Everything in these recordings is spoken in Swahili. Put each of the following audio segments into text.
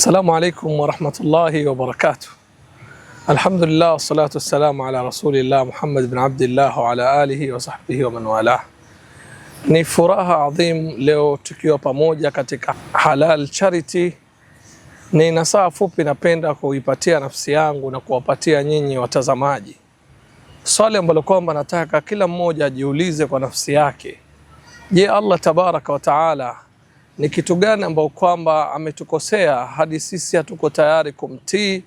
Assalamu alaikum warahmatullahi wabarakatuh. Alhamdulillah wassalatu wassalamu ala rasulillah Muhammad bin Abdillah wa ala alihi wa sahbihi wa man walah. Ni furaha adhim leo tukiwa pamoja katika Halal Charity. Ni nasaha fupi napenda kuipatia nafsi yangu na kuwapatia nyinyi watazamaji, swali ambalo kwamba nataka kila mmoja ajiulize kwa nafsi yake. Je, Allah tabaraka wa taala ni kitu gani ambao kwamba ametukosea hadi sisi hatuko tayari kumtii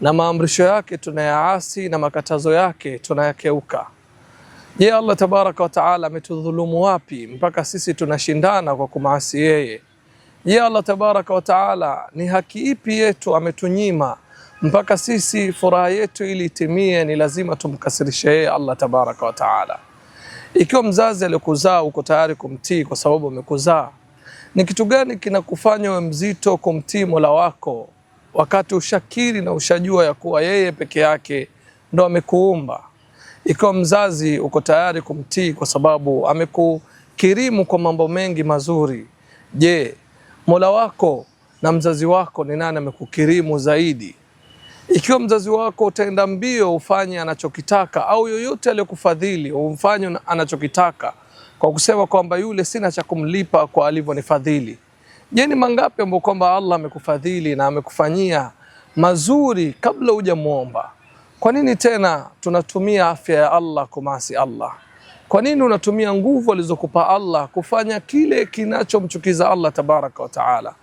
na maamrisho yake tunayaasi na makatazo yake tunayakeuka. Je, Allah tabaraka wa taala ametudhulumu wapi mpaka sisi tunashindana kwa kumaasi yeye? Je, Allah tabaraka wa taala ni haki ipi yetu ametunyima mpaka sisi furaha yetu ili itimie ni lazima tumkasirishe yeye Allah tabaraka wa taala? Ikiwa mzazi aliyokuzaa uko tayari kumtii kwa sababu amekuzaa ni kitu gani kinakufanya we mzito kumtii Mola wako wakati ushakiri na ushajua ya kuwa yeye peke yake ndo amekuumba? Ikiwa mzazi uko tayari kumtii kwa sababu amekukirimu kwa mambo mengi mazuri, je, Mola wako na mzazi wako ni nani amekukirimu zaidi? Ikiwa mzazi wako utaenda mbio ufanye anachokitaka, au yoyote aliyokufadhili umfanye anachokitaka kwa kusema kwamba yule sina cha kumlipa kwa alivyonifadhili. Je, ni mangapi ambao kwamba Allah amekufadhili na amekufanyia mazuri kabla hujamuomba? Kwa nini tena tunatumia afya ya Allah kumasi Allah? Kwa nini unatumia nguvu alizokupa Allah kufanya kile kinachomchukiza Allah tabaraka wa taala?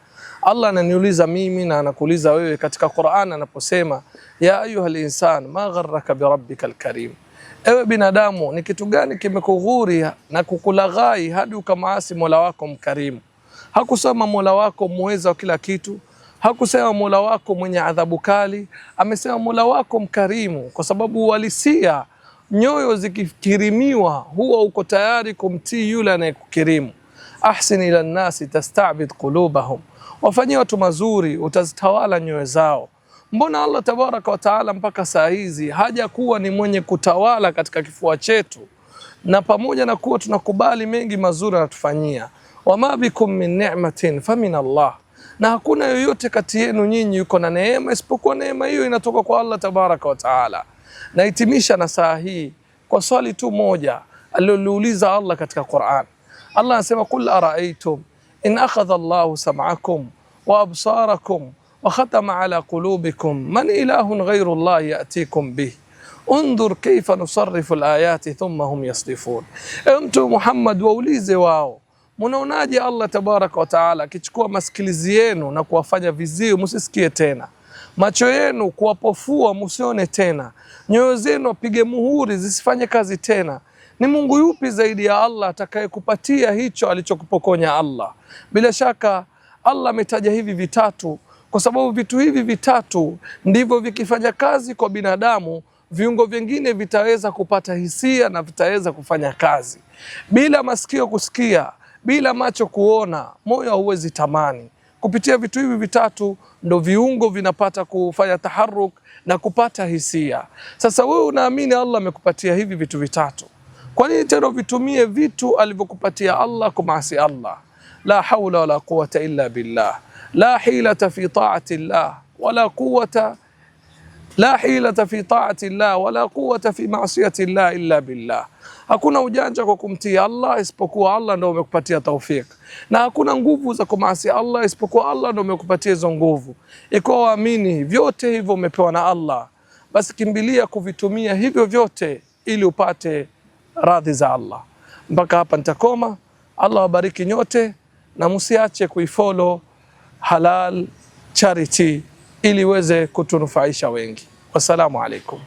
Allah ananiuliza mimi na anakuuliza wewe katika Qur'an anaposema, ya ayuha insan ma gharraka birabbika lkarim Ewe binadamu, ni kitu gani kimekughuri na kukulaghai hadi ukamaasi Mola wako mkarimu? Hakusema Mola wako muweza wa kila kitu, hakusema Mola wako mwenye adhabu kali, amesema Mola wako mkarimu, kwa sababu uhalisia, nyoyo zikikirimiwa huwa uko tayari kumtii yule anayekukirimu. Ahsin ila nnasi tastabid qulubahum, wafanyie watu mazuri, utazitawala nyoyo zao. Mbona Allah tabaraka wa taala mpaka saa hizi hajakuwa ni mwenye kutawala katika kifua chetu, na pamoja na kuwa tunakubali mengi mazuri anatufanyia, wama bikum min ni'matin famin Allah, na hakuna yoyote kati yenu nyinyi yuko na neema isipokuwa neema hiyo inatoka kwa Allah tabaraka wa taala. Nahitimisha na saa hii kwa swali tu moja aliloliuliza Allah katika Qur'an. Allah anasema, qul araaitum in akhadha Allahu sam'akum wa absarakum وختم على قلوبكم من man ilahun الله يأتيكم به bih كيف نصرف الآيات ثم هم hum yasdifun. محمد Mtume Muhammad, waulize wao, munaonaje Allah tabaraka wa taala akichukua masikilizi yenu na kuwafanya viziwi musisikie tena, macho yenu kuwapofua musione tena, nyoyo zenu apige muhuri zisifanye kazi tena ni Mungu yupi zaidi ya Allah atakayekupatia hicho alichokupokonya Allah? Bila shaka Allah ametaja hivi vitatu kwa sababu vitu hivi vitatu ndivyo vikifanya kazi kwa binadamu, viungo vingine vitaweza kupata hisia na vitaweza kufanya kazi. Bila masikio kusikia, bila macho kuona, moyo hauwezi tamani. Kupitia vitu hivi vitatu ndo viungo vinapata kufanya taharuk na kupata hisia. Sasa wewe unaamini Allah amekupatia hivi vitu vitatu, kwa nini tena vitumie vitu alivyokupatia Allah kumaasi Allah? La haula wala quwata illa billah la hilata fi taati llah wala quwata la hilata fi taati llah wala quwata fi maasiyati llah illa billah. Hakuna ujanja kwa kumtii Allah isipokuwa Allah ndio umekupatia taufik, na hakuna nguvu za kumasi Allah isipokuwa Allah ndio umekupatia hizo nguvu. Ikiwa waamini, vyote hivyo umepewa na Allah, basi kimbilia kuvitumia hivyo vyote ili upate radhi za Allah. Mpaka hapa nitakoma. Allah wabariki nyote na msiache kuifollow Halal Charity ili iweze kutunufaisha wengi. Wassalamu alaikum.